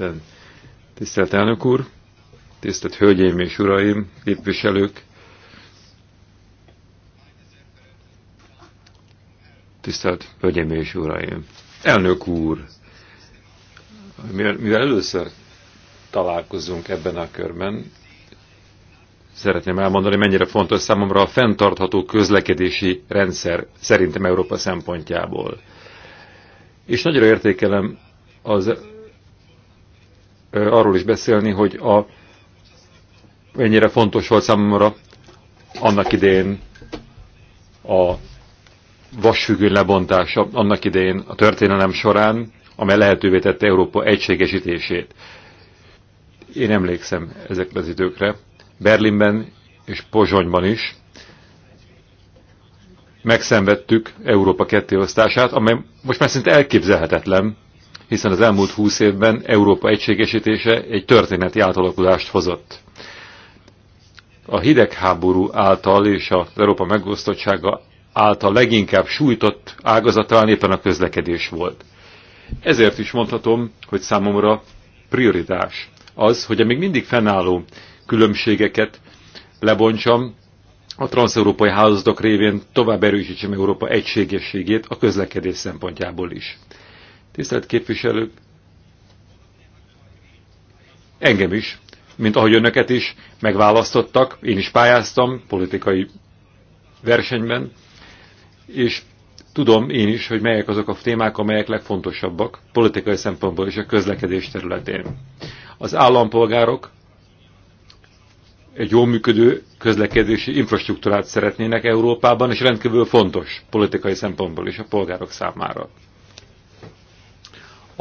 Isten. Tisztelt elnök úr, tisztelt hölgyeim és uraim, képviselők, tisztelt hölgyeim és uraim. Elnök úr, mivel először találkozunk ebben a körben, szeretném elmondani, mennyire fontos számomra a fenntartható közlekedési rendszer szerintem Európa szempontjából. És nagyra értékelem az arról is beszélni, hogy a, mennyire fontos volt számomra annak idején a vasfüggöny lebontása, annak idején a történelem során, amely lehetővé tette Európa egységesítését. Én emlékszem ezekre az időkre. Berlinben és Pozsonyban is megszenvedtük Európa kettéosztását, amely most már szinte elképzelhetetlen, hiszen az elmúlt húsz évben Európa egységesítése egy történeti átalakulást hozott. A hidegháború által és az Európa megosztottsága által leginkább sújtott ágazatán éppen a közlekedés volt. Ezért is mondhatom, hogy számomra prioritás az, hogy a még mindig fennálló különbségeket lebontsam, a transzeurópai hálózatok révén tovább erősítsem Európa egységességét a közlekedés szempontjából is. Tisztelt képviselők, engem is, mint ahogy önöket is megválasztottak, én is pályáztam politikai versenyben, és tudom én is, hogy melyek azok a témák, amelyek legfontosabbak politikai szempontból és a közlekedés területén. Az állampolgárok egy jó működő közlekedési infrastruktúrát szeretnének Európában, és rendkívül fontos politikai szempontból is a polgárok számára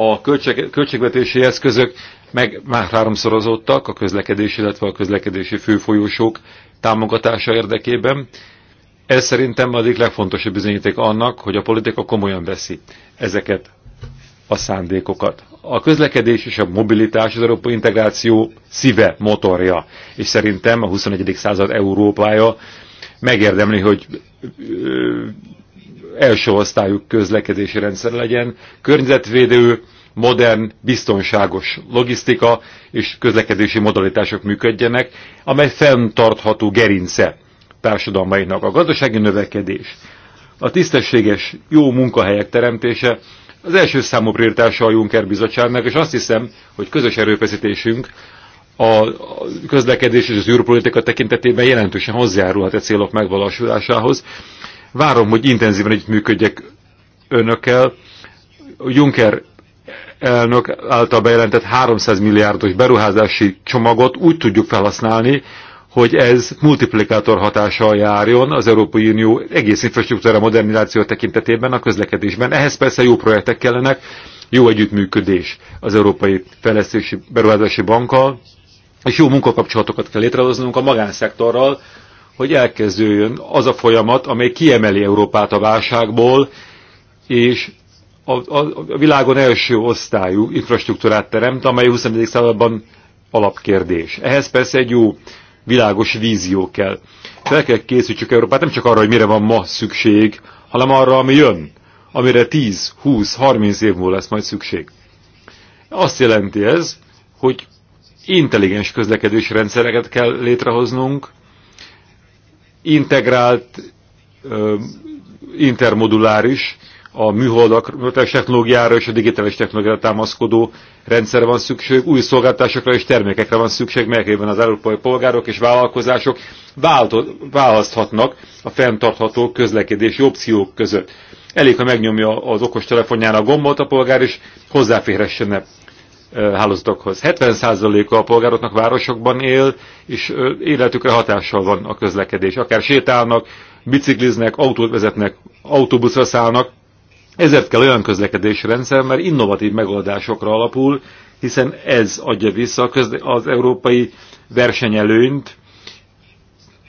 a költség, költségvetési eszközök meg már háromszorozottak a közlekedés, illetve a közlekedési főfolyósok támogatása érdekében. Ez szerintem az egyik legfontosabb bizonyíték annak, hogy a politika komolyan veszi ezeket a szándékokat. A közlekedés és a mobilitás az európai integráció szíve, motorja, és szerintem a 21. század Európája megérdemli, hogy első osztályú közlekedési rendszer legyen, környezetvédő, modern, biztonságos logisztika és közlekedési modalitások működjenek, amely fenntartható gerince társadalmainak a gazdasági növekedés, a tisztességes, jó munkahelyek teremtése, az első számú prioritása a Juncker bizottságnak, és azt hiszem, hogy közös erőfeszítésünk a közlekedés és az űrpolitika tekintetében jelentősen hozzájárulhat a célok megvalósulásához, Várom, hogy intenzíven együttműködjek önökkel. Juncker elnök által bejelentett 300 milliárdos beruházási csomagot úgy tudjuk felhasználni, hogy ez multiplikátor hatással járjon az Európai Unió egész infrastruktúra modernizáció tekintetében, a közlekedésben. Ehhez persze jó projektek kellenek, jó együttműködés az Európai Fejlesztési Beruházási Bankkal, és jó munkakapcsolatokat kell létrehoznunk a magánszektorral, hogy elkezdődjön az a folyamat, amely kiemeli Európát a válságból, és a, a, a világon első osztályú infrastruktúrát teremt, amely a 21. században alapkérdés. Ehhez persze egy jó világos vízió kell. Fel kell készítsük Európát nem csak arra, hogy mire van ma szükség, hanem arra, ami jön, amire 10, 20, 30 év múlva lesz majd szükség. Azt jelenti ez, hogy intelligens közlekedési rendszereket kell létrehoznunk, integrált, intermoduláris, a műholdak technológiára és a digitális technológiára támaszkodó rendszerre van szükség, új szolgáltásokra és termékekre van szükség, melyekben az európai polgárok és vállalkozások választhatnak a fenntartható közlekedési opciók között. Elég, ha megnyomja az okostelefonján a gombot a polgár, és hozzáférhessen hálózatokhoz. 70%-a a polgároknak városokban él, és életükre hatással van a közlekedés. Akár sétálnak, bicikliznek, autót vezetnek, autóbuszra szállnak. Ezért kell olyan közlekedési rendszer, mert innovatív megoldásokra alapul, hiszen ez adja vissza az európai versenyelőnyt,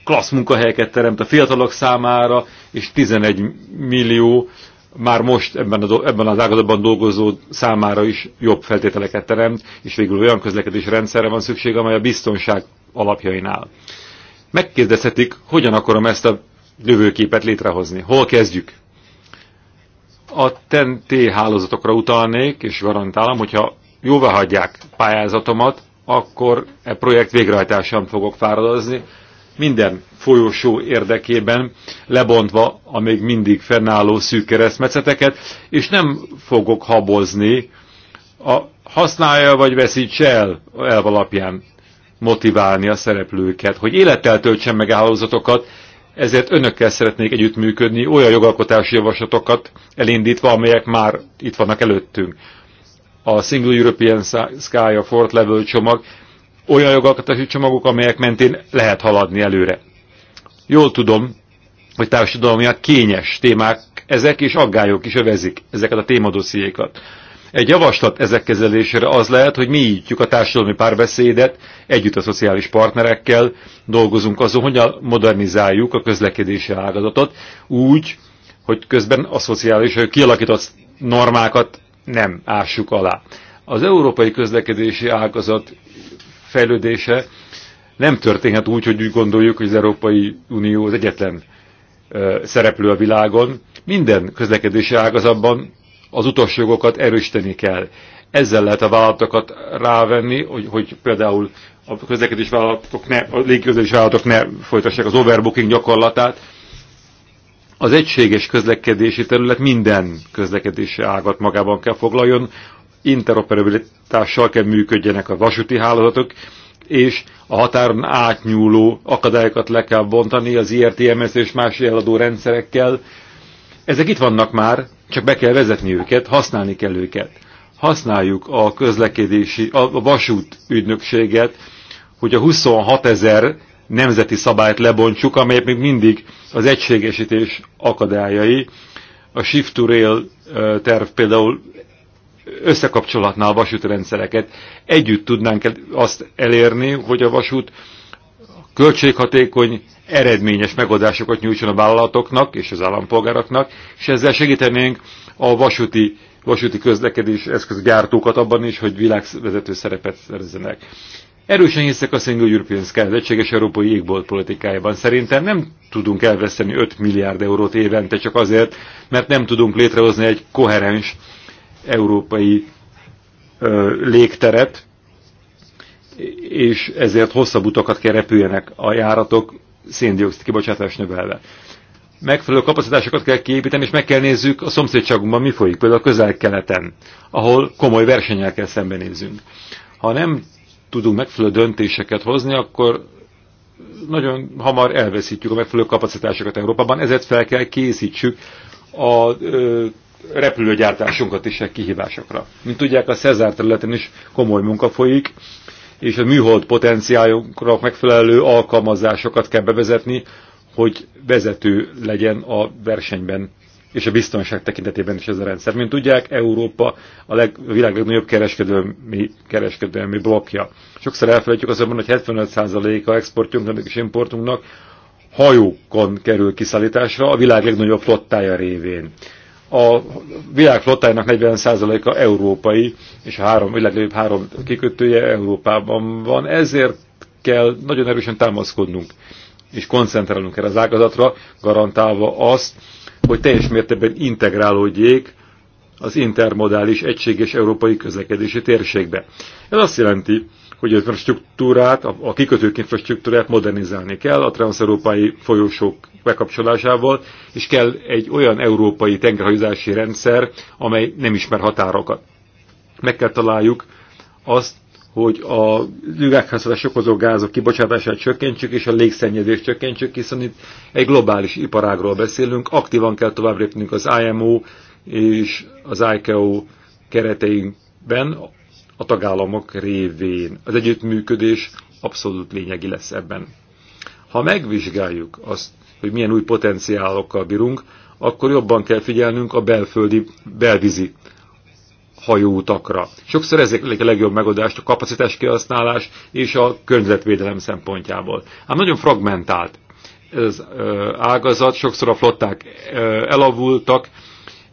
klassz munkahelyeket teremt a fiatalok számára, és 11 millió már most ebben, a, ebben az ágazatban dolgozó számára is jobb feltételeket teremt, és végül olyan közlekedési rendszerre van szükség, amely a biztonság alapjainál. Megkérdezhetik, hogyan akarom ezt a jövőképet létrehozni. Hol kezdjük? A TNT hálózatokra utalnék, és garantálom, hogyha jóvá hagyják pályázatomat, akkor e projekt végrehajtásán fogok fáradozni, minden folyosó érdekében, lebontva a még mindig fennálló szűk keresztmetszeteket, és nem fogok habozni a használja vagy veszíts el elv alapján motiválni a szereplőket, hogy élettel töltsen meg hálózatokat, ezért önökkel szeretnék együttműködni, olyan jogalkotási javaslatokat elindítva, amelyek már itt vannak előttünk. A Single European Sky, a Fort Level csomag olyan jogalkotási csomagok, amelyek mentén lehet haladni előre. Jól tudom, hogy társadalmiak kényes témák ezek, és aggályok is övezik ezeket a témadossziékat. Egy javaslat ezek kezelésére az lehet, hogy mi ígyjük a társadalmi párbeszédet, együtt a szociális partnerekkel dolgozunk azon, hogyan modernizáljuk a közlekedési ágazatot úgy, hogy közben a szociális kialakított normákat nem ássuk alá. Az európai közlekedési ágazat fejlődése nem történhet úgy, hogy úgy gondoljuk, hogy az Európai Unió az egyetlen szereplő a világon. Minden közlekedési ágazatban az jogokat erősíteni kell. Ezzel lehet a vállalatokat rávenni, hogy, hogy például a közlekedési vállalatok ne, a légiközlekedés vállalatok ne folytassák az overbooking gyakorlatát. Az egységes közlekedési terület minden közlekedési ágat magában kell foglaljon, interoperabilitással kell működjenek a vasúti hálózatok, és a határon átnyúló akadályokat le kell bontani az IRTMS és más eladó rendszerekkel. Ezek itt vannak már, csak be kell vezetni őket, használni kell őket. Használjuk a közlekedési, a vasút ügynökséget, hogy a 26 ezer nemzeti szabályt lebontsuk, amelyek még mindig az egységesítés akadályai. A Shift to Rail terv például összekapcsolhatná a vasútrendszereket. Együtt tudnánk azt elérni, hogy a vasút költséghatékony, eredményes megoldásokat nyújtson a vállalatoknak és az állampolgároknak, és ezzel segítenénk a vasúti, vasúti közlekedés eszközgyártókat abban is, hogy világvezető szerepet szerezzenek. Erősen hiszek a Single European Sky, az egységes európai égbolt politikájában. Szerintem nem tudunk elveszteni 5 milliárd eurót évente csak azért, mert nem tudunk létrehozni egy koherens európai ö, légteret, és ezért hosszabb utakat kell repüljenek a járatok széndiokszid kibocsátás növelve. Megfelelő kapacitásokat kell kiépíteni, és meg kell nézzük a szomszédságunkban mi folyik, például a közel-keleten, ahol komoly versenyel kell szembenézzünk. Ha nem tudunk megfelelő döntéseket hozni, akkor nagyon hamar elveszítjük a megfelelő kapacitásokat Európában, ezért fel kell készítsük a ö, repülőgyártásunkat is egy kihívásokra. Mint tudják, a Cezár területen is komoly munka folyik, és a műhold potenciálunkra megfelelő alkalmazásokat kell bevezetni, hogy vezető legyen a versenyben és a biztonság tekintetében is ez a rendszer. Mint tudják, Európa a, leg, a világ legnagyobb kereskedelmi, kereskedelmi blokkja. Sokszor elfelejtjük azonban, hogy 75%-a exportjunknak és importunknak hajókon kerül kiszállításra a világ legnagyobb flottája révén a világ flottájának 40%-a európai, és a három, világ három kikötője Európában van, ezért kell nagyon erősen támaszkodnunk, és koncentrálnunk erre az ágazatra, garantálva azt, hogy teljes mértékben integrálódjék az intermodális egységes európai közlekedési térségbe. Ez azt jelenti, hogy az infrastruktúrát, a kikötők infrastruktúrát modernizálni kell a transzeurópai folyosók bekapcsolásával, és kell egy olyan európai tengerhajózási rendszer, amely nem ismer határokat. Meg kell találjuk azt, hogy a üvegházhatás okozó gázok kibocsátását csökkentsük, és a légszennyezést csökkentsük, hiszen itt egy globális iparágról beszélünk, aktívan kell tovább lépnünk az IMO és az ICAO kereteinkben, a tagállamok révén. Az együttműködés abszolút lényegi lesz ebben. Ha megvizsgáljuk azt, hogy milyen új potenciálokkal bírunk, akkor jobban kell figyelnünk a belföldi, belvízi hajóutakra. Sokszor ezek a legjobb megoldást a kapacitás kihasználás és a környezetvédelem szempontjából. Ám nagyon fragmentált ez ágazat, sokszor a flották elavultak,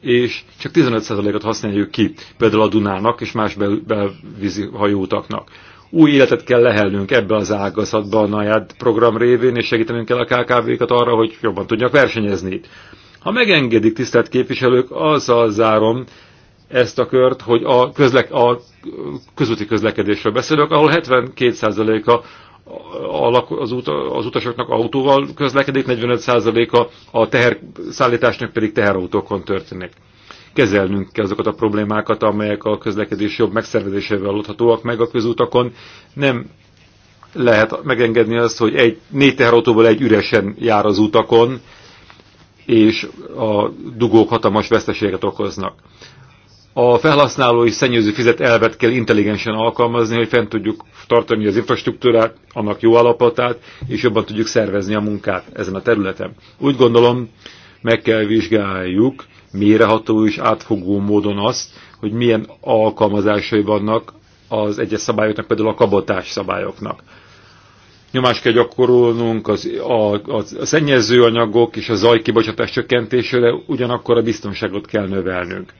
és csak 15%-at használjuk ki, például a Dunának és más bel belvízi hajótaknak. Új életet kell lehelnünk ebbe az ágazatba a NAJAD program révén, és segítenünk kell a KKV-kat arra, hogy jobban tudjak versenyezni. Ha megengedik, tisztelt képviselők, azzal zárom ezt a kört, hogy a, közlek, a közúti közlekedésről beszélök, ahol 72%-a az, utasoknak autóval közlekedik, 45%-a a teherszállításnak pedig teherautókon történik. Kezelnünk kell azokat a problémákat, amelyek a közlekedés jobb megszervezésével oldhatóak meg a közutakon. Nem lehet megengedni azt, hogy egy, négy teherautóból egy üresen jár az utakon, és a dugók hatalmas veszteséget okoznak. A felhasználói szennyező fizet elvet kell intelligensen alkalmazni, hogy fent tudjuk tartani az infrastruktúrát, annak jó alapotát, és jobban tudjuk szervezni a munkát ezen a területen. Úgy gondolom, meg kell vizsgáljuk méreható és átfogó módon azt, hogy milyen alkalmazásai vannak az egyes szabályoknak, például a kabotás szabályoknak. Nyomást kell gyakorolnunk az, a, a, a szennyezőanyagok és a zajkibocsatás csökkentésére, ugyanakkor a biztonságot kell növelnünk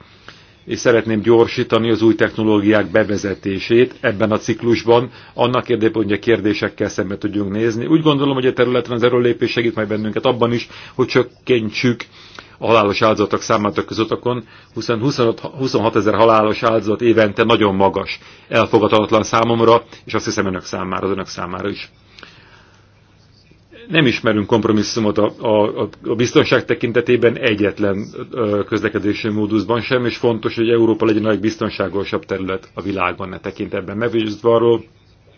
és szeretném gyorsítani az új technológiák bevezetését ebben a ciklusban, annak érdekében, hogy a kérdésekkel szembe tudjunk nézni. Úgy gondolom, hogy a területen az erőlépés segít majd bennünket abban is, hogy csökkentsük a halálos áldozatok számát a közötokon, hiszen 26 ezer halálos áldozat évente nagyon magas, elfogadhatatlan számomra, és azt hiszem önök számára, az önök számára is nem ismerünk kompromisszumot a, a, a biztonság tekintetében egyetlen közlekedési módusban sem, és fontos, hogy Európa legyen a legbiztonságosabb terület a világban ne tekintetben. Megvizsgálva arról,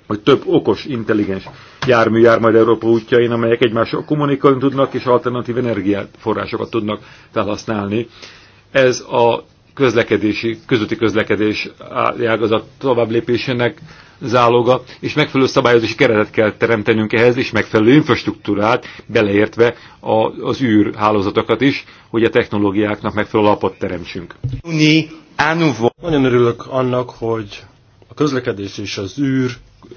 hogy több okos, intelligens jármű jár majd Európa útjain, amelyek egymással kommunikálni tudnak, és alternatív energiaforrásokat tudnak felhasználni. Ez a közlekedési, közötti közlekedés ágazat tovább lépésének záloga, és megfelelő szabályozási keretet kell teremtenünk ehhez, és megfelelő infrastruktúrát, beleértve a, az űrhálózatokat is, hogy a technológiáknak megfelelő alapot teremtsünk. Nagyon örülök annak, hogy a közlekedés és az űr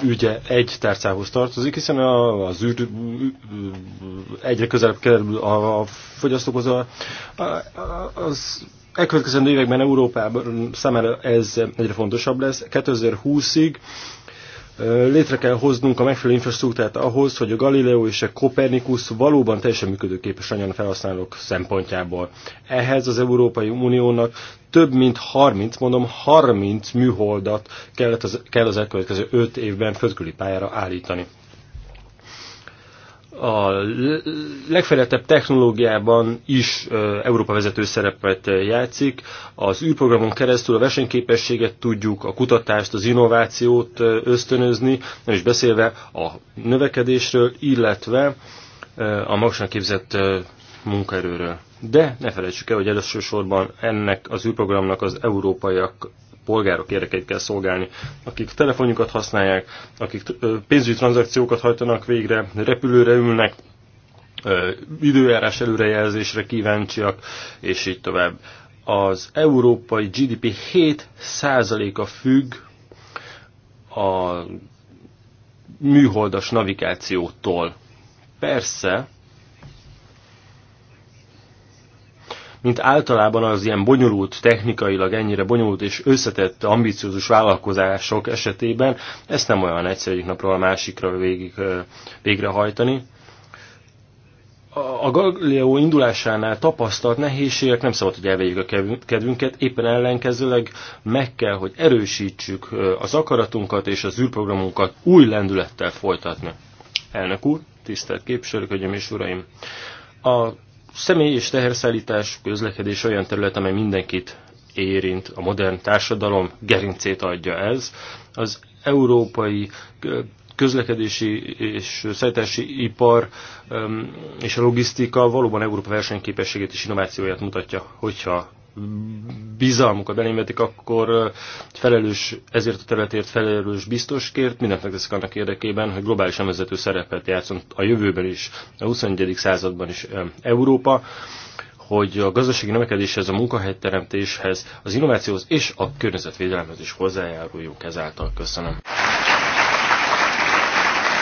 ügye egy tárcához tartozik, hiszen az űr egyre közelebb kerül a fogyasztókhoz. Az elkövetkezendő években Európában számára ez egyre fontosabb lesz. 2020-ig létre kell hoznunk a megfelelő infrastruktúrát ahhoz, hogy a Galileo és a Kopernikus valóban teljesen működőképes anyan a felhasználók szempontjából. Ehhez az Európai Uniónak több mint 30, mondom 30 műholdat kellett az, kell az elkövetkező 5 évben földküli pályára állítani a legfejlettebb technológiában is Európa vezető szerepet játszik. Az űrprogramon keresztül a versenyképességet tudjuk, a kutatást, az innovációt ösztönözni, nem is beszélve a növekedésről, illetve a magasan képzett munkaerőről. De ne felejtsük el, hogy elsősorban ennek az űrprogramnak az európaiak polgárok érdekeit kell szolgálni, akik telefonjukat használják, akik pénzügyi tranzakciókat hajtanak végre, repülőre ülnek, időjárás előrejelzésre kíváncsiak, és így tovább. Az európai GDP 7%-a függ a műholdas navigációtól. Persze, mint általában az ilyen bonyolult, technikailag ennyire bonyolult és összetett, ambiciózus vállalkozások esetében ezt nem olyan egyszerű egyik napról a másikra végig, végrehajtani. A Galileo indulásánál tapasztalt nehézségek nem szabad, hogy elvegyük a kedvünket, éppen ellenkezőleg meg kell, hogy erősítsük az akaratunkat és az űrprogramunkat új lendülettel folytatni. Elnök úr, tisztelt képviselők, hölgyeim és uraim! A Személy és teherszállítás, közlekedés olyan terület, amely mindenkit érint, a modern társadalom gerincét adja ez. Az európai közlekedési és szállítási ipar és a logisztika valóban Európa versenyképességét és innovációját mutatja, hogyha bizalmukat vetik, akkor felelős, ezért a területért felelős biztoskért mindent megteszik annak érdekében, hogy globálisan vezető szerepet játszon a jövőben is, a 21. században is Európa, hogy a gazdasági növekedéshez, a munkahelyteremtéshez, az innovációhoz és a környezetvédelemhez is hozzájáruljunk ezáltal. Köszönöm.